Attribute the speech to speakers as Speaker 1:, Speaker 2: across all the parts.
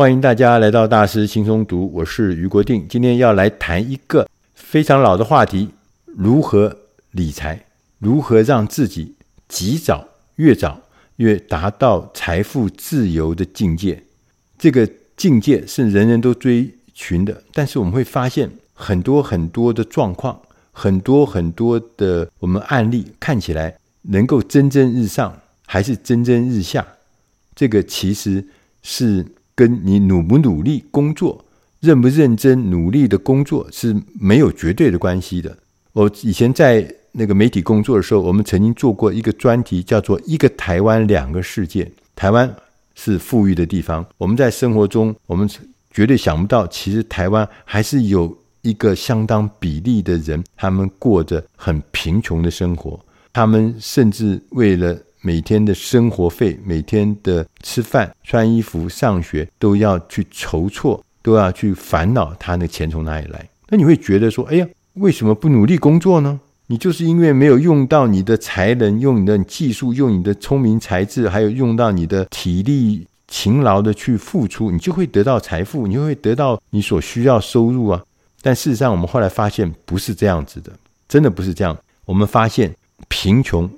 Speaker 1: 歡迎大家來到大師輕鬆讀，我是於國定，今天要來談一個非常老的話題：如何理財，如何讓自己及早、越早越達到財富自由的境界。這個境界是人人都追尋的，但是我們會發現很多很多的狀況，很多很多的我們案例，看起來能夠蒸蒸日上，還是蒸蒸日下，這個其實是。跟你努不努力工作、認不認真努力的工作是沒有絕對的關係的。我以前在那個媒體工作的時候，我們曾經做過一個專題，叫做《一個台灣兩個世界》。台灣是富裕的地方，我們在生活中，我們絕對想不到，其實台灣還是有一個相當比例的人，他們過着很貧窮的生活，他們甚至為了。每天的生活費、每天的吃飯、穿衣服、上學，都要去籌措，都要去煩惱，他那錢從哪裡來？那你會覺得說：“哎呀，為什麼不努力工作呢？”你就是因為沒有用到你的才能、用你的技術、用你的聰明才智，還有用到你的體力、勤勞的去付出，你就會得到財富，你就會得到你所需要收入啊。但事實上，我們後來發現不是這樣子的，真的不是這樣。我們發現貧窮。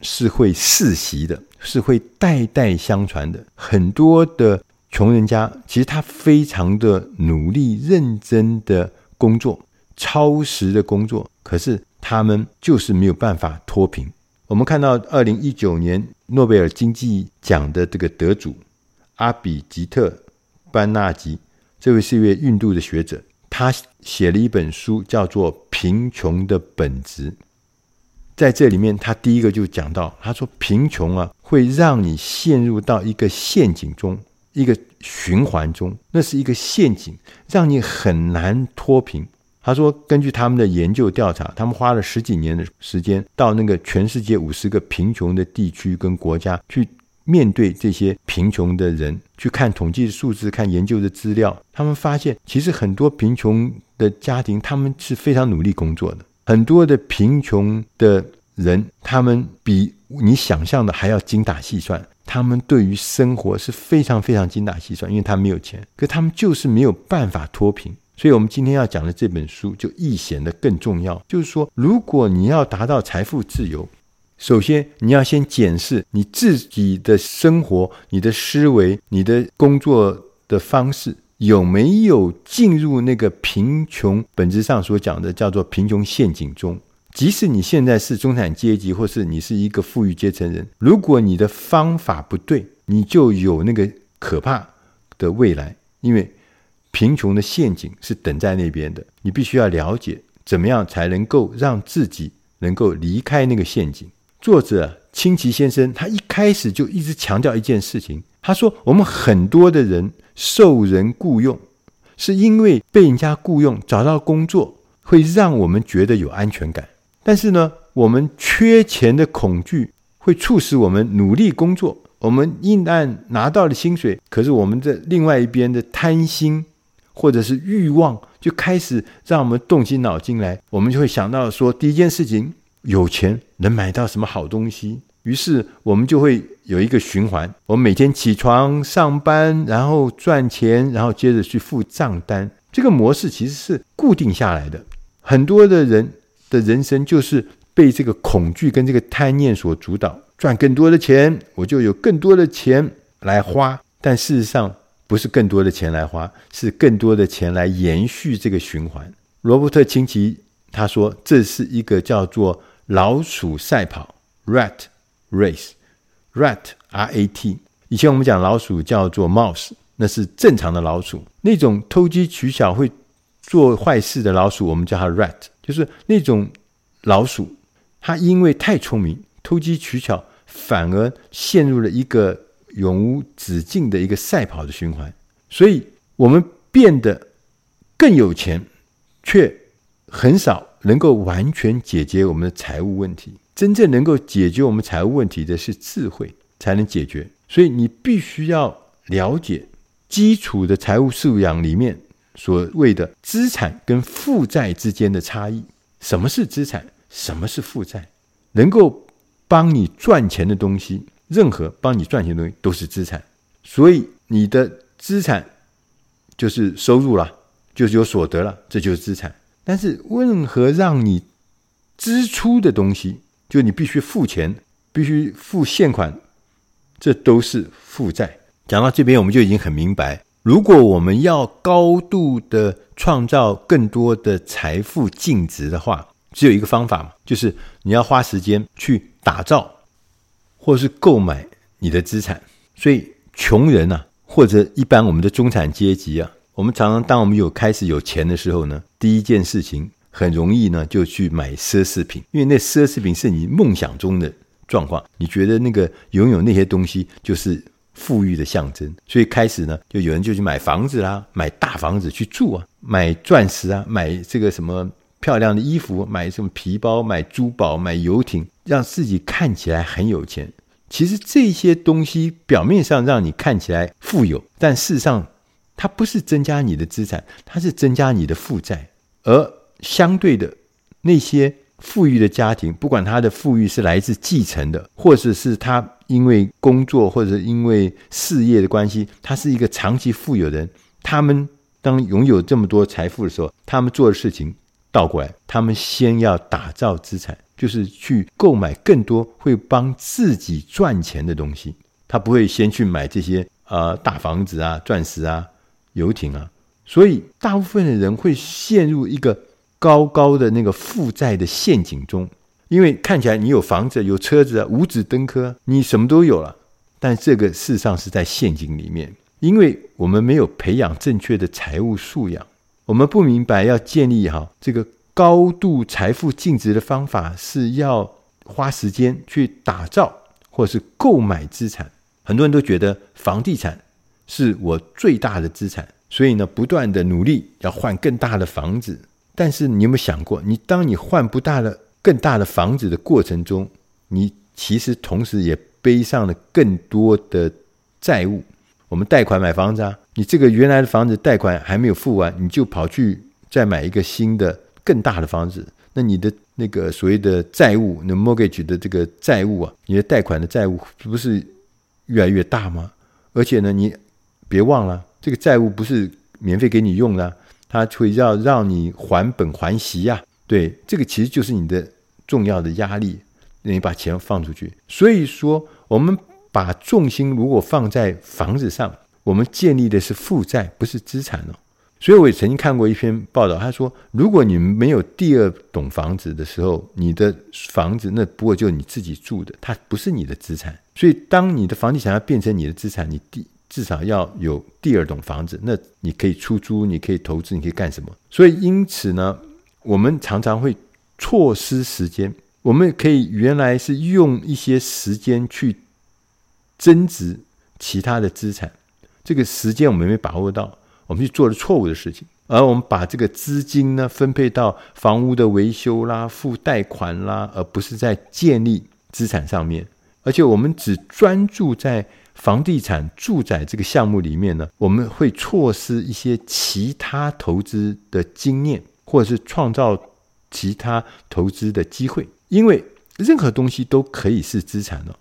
Speaker 1: 是會世襲的，是會代代相傳的。很多的窮人家，其實他非常的努力、認真的工作、超時的工作，可是他們就是沒有辦法脫貧。我們看到二零一九年諾貝爾經濟獎的這個得主阿比吉特·班納吉，這位是一位印度的學者，他寫了一本書，叫做《貧窮的本質》。在這裡面，他第一個就講到，他說貧窮啊，會讓你陷入到一個陷阱中，一個循環中，那是一個陷阱，讓你很難脫貧。他說，根據他們的研究調查，他們花了十幾年的時間，到那個全世界五十個貧窮的地區跟國家去面對這些貧窮的人，去看統計數字，看研究的資料，他們發現，其實很多貧窮的家庭，他們是非常努力工作的。很多的貧窮的人，他們比你想象的還要精打細算。他們對於生活是非常非常精打細算，因為他沒有錢，可他們就是沒有辦法脫貧。所以，我們今天要講的這本書就愈顯得更重要。就是說，如果你要達到財富自由，首先你要先檢視你自己的生活、你的思維、你的工作的方式。有沒有進入那個貧窮本質上所講的叫做貧窮陷阱中？即使你現在是中產階級，或是你是一個富裕階層人，如果你的方法不對，你就有那個可怕的未來。因為貧窮的陷阱是等在那邊的，你必須要了解怎麼樣才能夠讓自己能夠離開那個陷阱。作者清崎先生，他一開始就一直強調一件事情，他說：我們很多的人。受人雇傭，是因為被人家雇傭，找到工作會讓我們覺得有安全感。但是呢，我們缺錢的恐懼會促使我們努力工作。我們一旦拿到了薪水，可是我們的另外一邊的貪心或者是慾望就開始讓我們動起腦筋來，我們就會想到說，第一件事情，有錢能買到什麼好東西。於是我們就會有一個循環，我們每天起床上班，然後賺錢，然後接着去付賬單。這個模式其實是固定下來的。很多的人的人生就是被這個恐懼跟這個貪念所主導。賺更多的錢，我就有更多的錢來花。但事實上，不是更多的錢來花，是更多的錢來延續這個循環。羅伯特清崎他說：“這是一個叫做老鼠賽跑 （Rat）。” Race rat r a t。以前我們講老鼠叫做 mouse，那是正常的老鼠。那種投機取巧、會做壞事的老鼠，我們叫它 rat，就是那種老鼠。它因為太聰明、投機取巧，反而陷入了一個永無止境的一個賽跑的循環。所以，我們變得更有錢，卻很少能夠完全解決我們的財務問題。真正能夠解決我們財務問題的是智慧才能解決，所以你必須要了解基礎的財務素養裡面所謂的資產跟負債之間的差異。什麼是資產？什麼是負債？能夠幫你賺錢的東西，任何幫你賺錢的東西都是資產。所以你的資產就是收入了，就是有所得了，這就是資產。但是任何讓你支出的東西。就你必須付錢，必須付現款，這都是負債。講到這邊，我們就已經很明白，如果我們要高度的創造更多的財富淨值的話，只有一個方法嘛，就是你要花時間去打造，或是購買你的資產。所以，窮人啊，或者一般我們的中產階級啊，我們常常當我們有開始有錢的時候呢，第一件事情，很容易呢，就去買奢侈品，因為那奢侈品是你夢想中的狀況。你覺得那個擁有那些東西就是富裕的象徵，所以開始呢，就有人就去買房子啦，買大房子去住啊，買鑽石啊，買這個什麼漂亮的衣服，買什麼皮包，買珠寶，買遊艇，讓自己看起來很有錢。其實這些東西表面上讓你看起來富有，但事實上它不是增加你的資產，它是增加你的負債，而。相對的，那些富裕的家庭，不管他的富裕是來自繼承的，或者是他因為工作或者是因為事業的關係，他是一個長期富有的人。他們當擁有這麼多財富的時候，他們做的事情倒過來，他們先要打造資產，就是去購買更多會幫自己賺錢的東西。他不會先去買這些呃大房子啊、鑽石啊、遊艇啊。所以大部分的人會陷入一個高高的那個負債的陷阱中，因為看起來你有房子、有車子啊，五子登科，你什麼都有了。但這個事實上是在陷阱裡面，因為我們沒有培養正確的財務素養，我們不明白要建立哈這個高度財富淨值的方法是要花時間去打造或是購買資產。很多人都覺得房地產是我最大的資產，所以呢，不斷的努力要換更大的房子。但是你有沒有想過，你當你換不大的，更大的房子的過程中，你其實同時也背上了更多的債務。我們貸款買房子啊，你這個原來的房子貸款還沒有付完，你就跑去再買一個新的，更大的房子，那你的那個所謂的債務，那 mortgage 的這個債務啊，你的貸款的債務不是越來越大嗎？而且呢，你別忘了，這個債務不是免費給你用的啊。它會要讓你還本還息呀，啊，對，這個其實就是你的重要的壓力，讓你把錢放出去。所以說，我們把重心如果放在房子上，我們建立的是負債，不是資產哦。所以我也曾經看過一篇報道，他說，如果你沒有第二棟房子的時候，你的房子那不過就你自己住的，它不是你的資產。所以，當你的房地產要變成你的資產，你第至少要有第二棟房子，那你可以出租，你可以投資，你可以幹什麼？所以因此呢，我們常常會錯失時間。我們可以原來是用一些時間去增值其他的資產，這個時間我們沒把握到，我們去做了錯誤的事情，而我們把這個資金呢分配到房屋的維修啦、付貸款啦，而不是在建立資產上面，而且我們只專注在。房地產住宅這個項目裡面呢，我們會錯失一些其他投資的經驗，或者是創造其他投資的機會。因為任何東西都可以是資產了，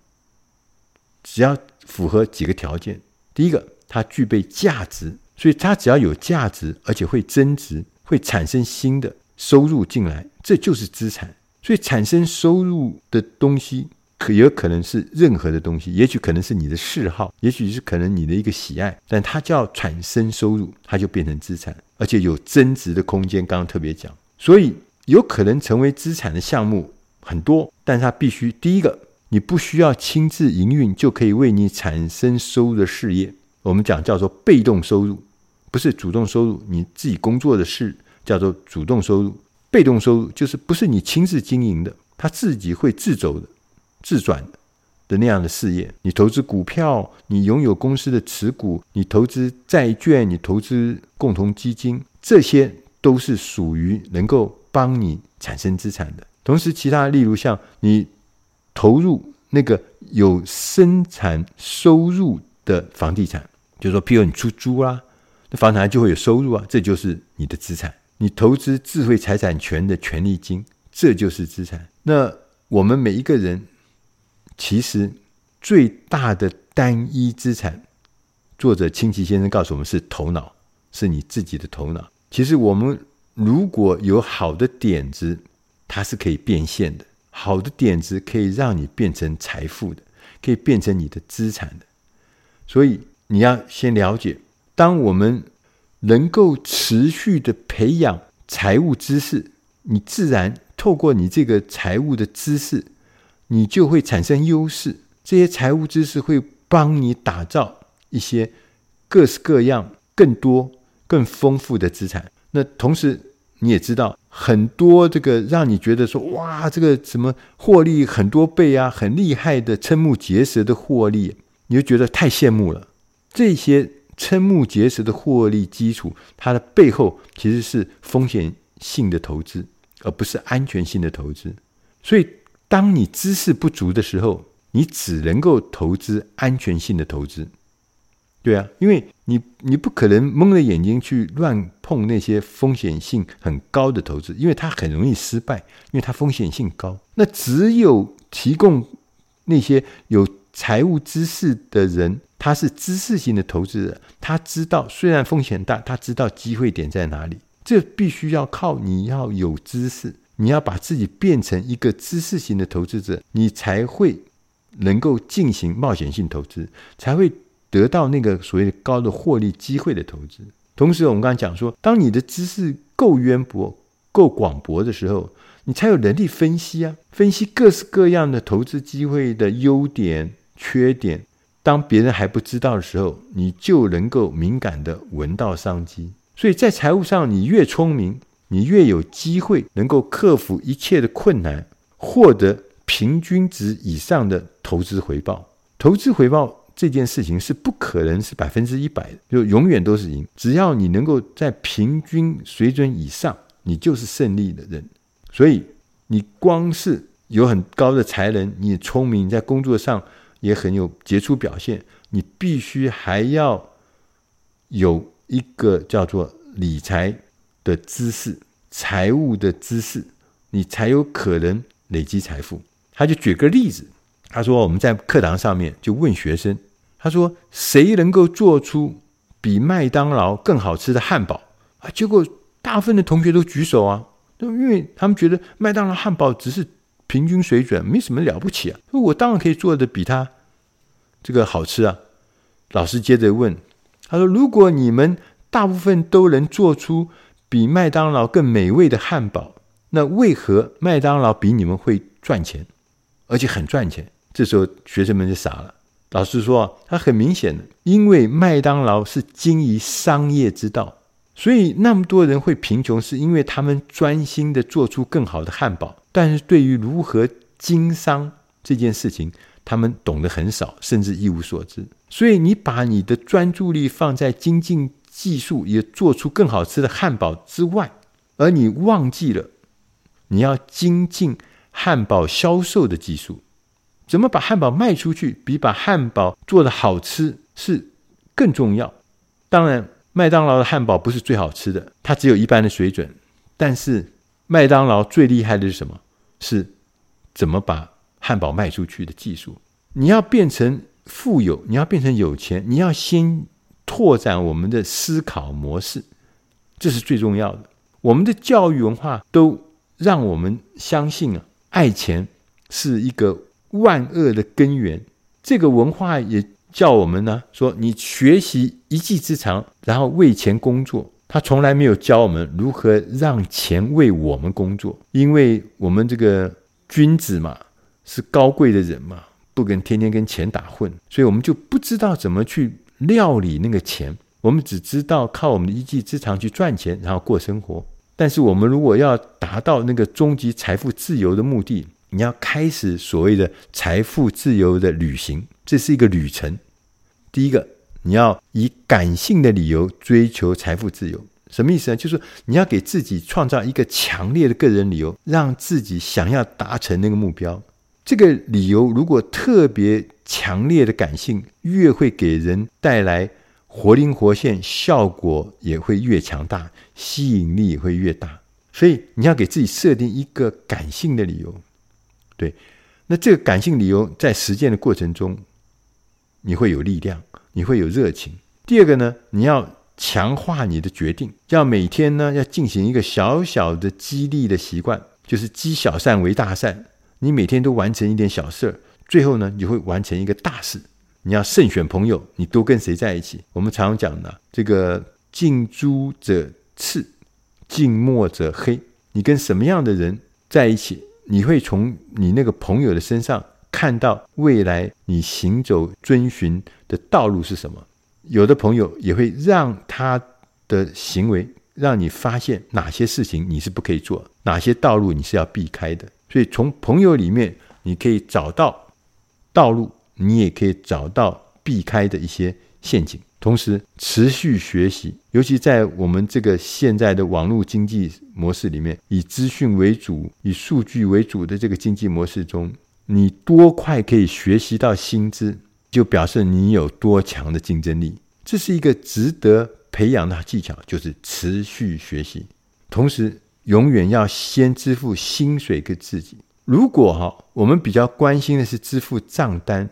Speaker 1: 只要符合幾個條件：第一個，它具備價值，所以它只要有價值，而且會增值，會產生新的收入進來，這就是資產。所以產生收入的東西。可有可能是任何的東西，也許可能是你的嗜好，也許是可能你的一個喜愛，但它叫產生收入，它就變成資產，而且有增值的空間。剛剛特別講，所以有可能成為資產的項目很多，但是它必須第一個，你不需要親自營運就可以為你產生收入的事業，我們講叫做被動收入，不是主動收入。你自己工作的事叫做主動收入，被動收入就是不是你親自經營的，它自己會自走的。自轉的那樣的事業，你投資股票，你擁有公司的持股，你投資債券，你投資共同基金，這些都是屬於能夠幫你產生資產的。同時，其他例如像你投入那個有生產收入的房地產，就是說，譬如你出租啦，啊，那房產就會有收入啊，這就是你的資產。你投資智慧財產權的權利金，這就是資產。那我們每一個人。其實最大的單一資產，作者清崎先生告訴我們是頭腦，是你自己的頭腦。其實我們如果有好的點子，它是可以變現的，好的點子可以讓你變成財富的，可以變成你的資產的。所以你要先了解，當我們能夠持續地培養財務知識，你自然透過你這個財務的知識。你就會產生優勢，這些財務知識會幫你打造一些各式各樣、更多、更豐富的資產。那同時你也知道，很多這個讓你覺得說，哇，這個什麼獲利很多倍啊，很厲害的瞠目結舌的獲利，你就覺得太羨慕了。這些瞠目結舌的獲利基礎，它的背後其實是風險性的投資，而不是安全性的投資。所以當你知識不足的時候，你只能夠投資安全性的投資，對啊，因為你你不可能蒙着眼睛去亂碰那些風險性很高的投資，因為它很容易失敗，因為它風險性高。那只有提供那些有財務知識的人，他是知識型的投資人，他知道雖然風險大，他知道機會點在哪裡。這必須要靠你要有知識。你要把自己變成一個知識型的投資者，你才會能夠進行冒險性投資，才會得到那個所謂的高的獲利機會的投資。同時，我們剛剛講說，當你的知識夠淵博、夠廣博的時候，你才有能力分析啊，分析各式各樣的投資機會的優點、缺點。當別人還不知道的時候，你就能夠敏感地聞到商機。所以在財務上，你越聰明。你越有機會能夠克服一切的困難，獲得平均值以上的投資回報。投資回報這件事情是不可能是百分之一百的，就永遠都是贏。只要你能夠在平均水準以上，你就是勝利的人。所以，你光是有很高的才能，你也聰明，在工作上也很有傑出表現，你必須還要有一個叫做理財的知識、財務的知識，你才有可能累積財富。他就舉個例子，他說：“我們在課堂上面就問學生，他說誰能夠做出比麥當勞更好吃的漢堡啊？”結果大部分的同學都舉手啊，因為他們覺得麥當勞漢堡只是平均水準，沒什麼了不起啊。我當然可以做得比他這個好吃啊。老師接着問，他說：“如果你們大部分都能做出？”比麥當勞更美味的漢堡，那為何麥當勞比你們會賺錢，而且很賺錢？這時候學生們就傻了。老師說：“他很明顯，因為麥當勞是經營商業之道，所以那麼多人會貧窮，是因為他們專心地做出更好的漢堡，但是對於如何經商這件事情，他們懂得很少，甚至一無所知。所以你把你的專注力放在精進。”技術也做出更好吃的漢堡之外，而你忘記了你要精進漢堡銷售的技術，怎麼把漢堡賣出去比把漢堡做得好吃是更重要。當然，麥當勞的漢堡不是最好吃的，它只有一般的水準。但是，麥當勞最厲害的是什麼？是怎麼把漢堡賣出去的技術？你要變成富有，你要變成有錢，你要先，拓展我們的思考模式，這是最重要的。我們的教育文化都讓我們相信啊，愛錢是一個萬惡的根源。這個文化也叫我們呢，說你學習一技之長，然後為錢工作。他從來沒有教我們如何讓錢為我們工作，因為我們這個君子嘛，是高貴的人嘛，不跟天天跟錢打混，所以我們就不知道怎麼去。料理那個錢，我們只知道靠我們的一技之長去賺錢，然後過生活。但是我們如果要達到那個終極財富自由的目的，你要開始所謂的財富自由的旅行，這是一個旅程。第一個，你要以感性的理由追求財富自由。什麼意思呢？就是說你要給自己創造一個強烈的個人理由，讓自己想要達成那個目標。這個理由如果特別。強烈的感性越會給人帶來活靈活現，效果也會越強大，吸引力也會越大。所以你要給自己設定一個感性的理由，對。那這個感性理由在實踐的過程中，你會有力量，你會有熱情。第二個呢，你要強化你的決定，要每天呢要進行一個小小的激勵的習慣，就是積小善為大善。你每天都完成一點小事兒，最後呢，你會完成一個大事。你要慎選朋友，你都跟誰在一起？我們常常講的這個“近朱者赤，近墨者黑”。你跟什麼樣的人在一起，你會從你那個朋友的身上看到未來你行走遵循的道路是什麼？有的朋友也會讓他的行為讓你發現哪些事情你是不可以做，哪些道路你是要避開的。所以從朋友裡面，你可以找到。道路，你也可以找到避開的一些陷阱，同時持續學習，尤其在我們這個現在的網絡經濟模式裡面，以資訊為主、以數據為主的這個經濟模式中，你多快可以學習到新知，就表示你有多強的競爭力。這是一個值得培養的技巧，就是持續學習，同時永遠要先支付薪水給自己。如果哈，我們比較關心的是支付賬單，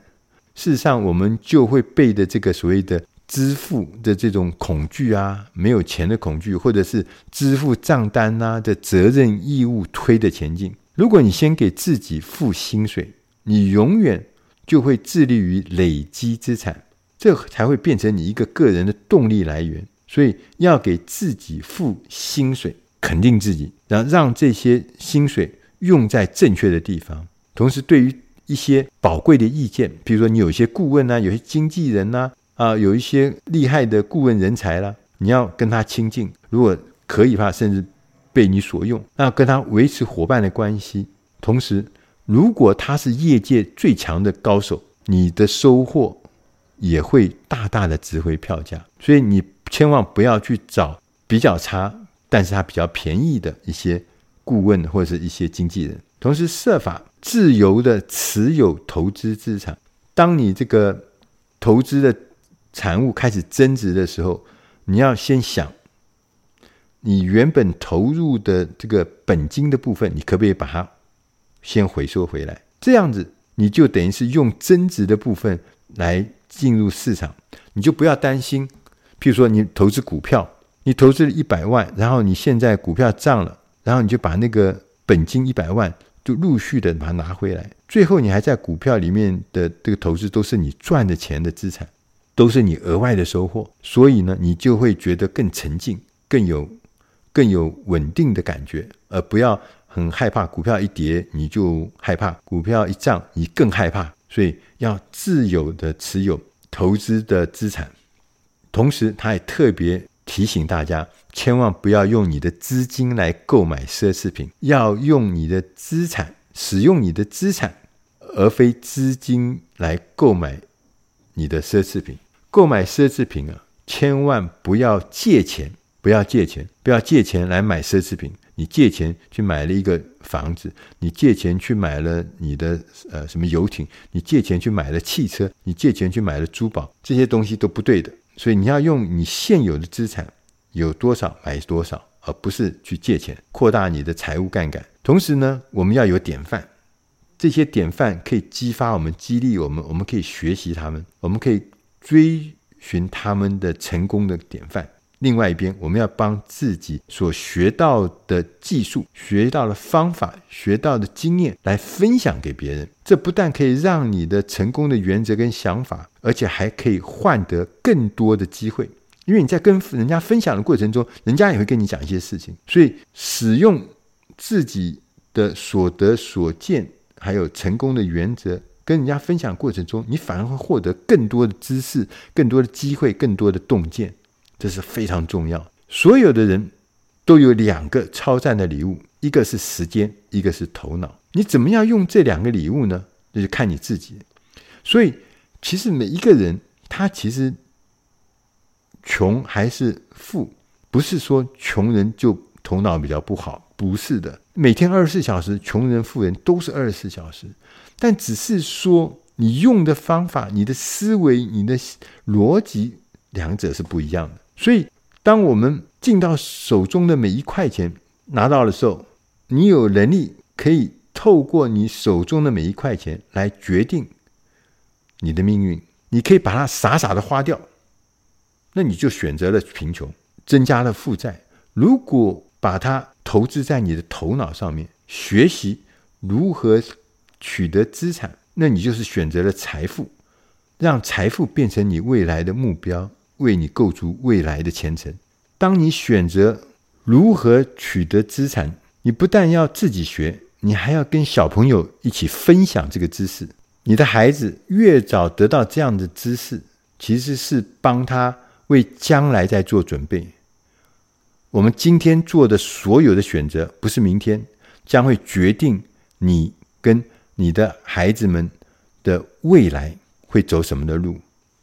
Speaker 1: 事實上我們就會背的這個所謂的支付的這種恐懼啊，沒有錢的恐懼，或者是支付賬單吶、啊、的責任義務推的前進。如果你先給自己付薪水，你永遠就會致力於累積資產，這才會變成你一個個人的動力來源。所以要給自己付薪水，肯定自己，然後讓這些薪水。用在正確的地方，同時對於一些寶貴的意見，比如說你有一些顧問吶、啊，有些經紀人吶、啊，啊、呃，有一些厲害的顧問人才啦、啊，你要跟他親近，如果可以的話，甚至被你所用，那跟他維持夥伴的關係。同時，如果他是業界最強的高手，你的收穫也會大大的值回票價。所以你千萬不要去找比較差，但是他比較便宜的一些。顧問或者是一些經紀人，同時設法自由的持有投資資產。當你這個投資的產物開始增值的時候，你要先想，你原本投入的這個本金的部分，你可不可以把它先回收回來？這樣子，你就等於是用增值的部分來進入市場，你就不要擔心。譬如說，你投資股票，你投資了一百萬，然後你現在股票漲了。然後你就把那個本金一百萬，就陸續的把它拿回來。最後你還在股票裡面的這個投資，都是你賺的錢的資產，都是你額外的收穫。所以呢，你就會覺得更沉靜，更有更有穩定的感覺，而不要很害怕股票一跌你就害怕，股票一漲你更害怕。所以要自由的持有投資的資產，同時它也特別。提醒大家，千萬不要用你的資金來購買奢侈品，要用你的資產，使用你的資產，而非資金來購買你的奢侈品。購買奢侈品啊，千萬不要借錢，不要借錢，不要借錢來買奢侈品。你借錢去買了一個房子，你借錢去買了你的呃什麼遊艇，你借錢去買了汽車，你借錢去買了珠寶，這些東西都不對的。所以你要用你現有的資產，有多少買多少，而不是去借錢，擴大你的財務槓桿。同時呢，我們要有典範，這些典範可以激發我們、激勵我們，我們可以學習他們，我們可以追尋他們的成功的典範。另外一邊，我們要幫自己所學到的技術、學到的方法、學到的經驗來分享給別人。這不但可以讓你的成功的原則跟想法，而且還可以換得更多的機會。因為你在跟人家分享的過程中，人家也會跟你講一些事情。所以，使用自己的所得所見，還有成功的原則，跟人家分享的過程中，你反而會獲得更多的知識、更多的機會、更多的洞見。這是非常重要。所有的人都有兩個超讚的禮物，一個是時間，一個是頭腦。你怎麼樣用這兩個禮物呢？就是看你自己。所以，其實每一個人，他其實窮還是富，不是說窮人就頭腦比較不好，不是的。每天二十四小時，窮人、富人都是二十四小時，但只是說你用的方法、你的思維、你的邏輯，兩者是不一樣的。所以，當我們進到手中的每一塊錢拿到的時候，你有能力可以透過你手中的每一塊錢來決定你的命運。你可以把它傻傻的花掉，那你就選擇了貧窮，增加了負債；如果把它投資在你的頭腦上面，學習如何取得資產，那你就是選擇了財富，讓財富變成你未來的目標。為你構築未來的前程。當你選擇如何取得資產，你不但要自己學，你還要跟小朋友一起分享這個知識。你的孩子越早得到這樣的知識，其實是幫他為將來在做準備。我們今天做的所有的選擇，不是明天，將會決定你跟你的孩子們的未來會走什麼的路。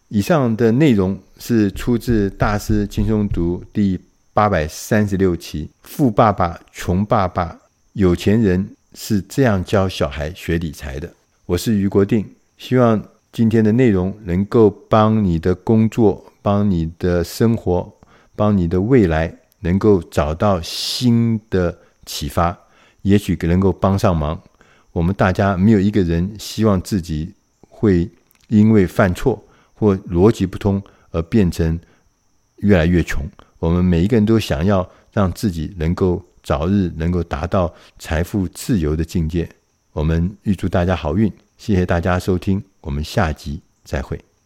Speaker 1: 以上的內容是出自大師輕鬆讀第八百三十六期，《富爸爸窮爸爸》，有錢人是這樣教小孩學理財的。我是於國定，希望今天的內容能夠幫你的工作、幫你的生活、幫你的未來能夠找到新的啟發，也許能夠幫上忙。我們大家沒有一個人希望自己會因為犯錯。或邏輯不通而變成越來越窮，我們每一個人都想要讓自己能夠早日能夠達到財富自由的境界。我們預祝大家好運，謝謝大家收聽，我們下集再會。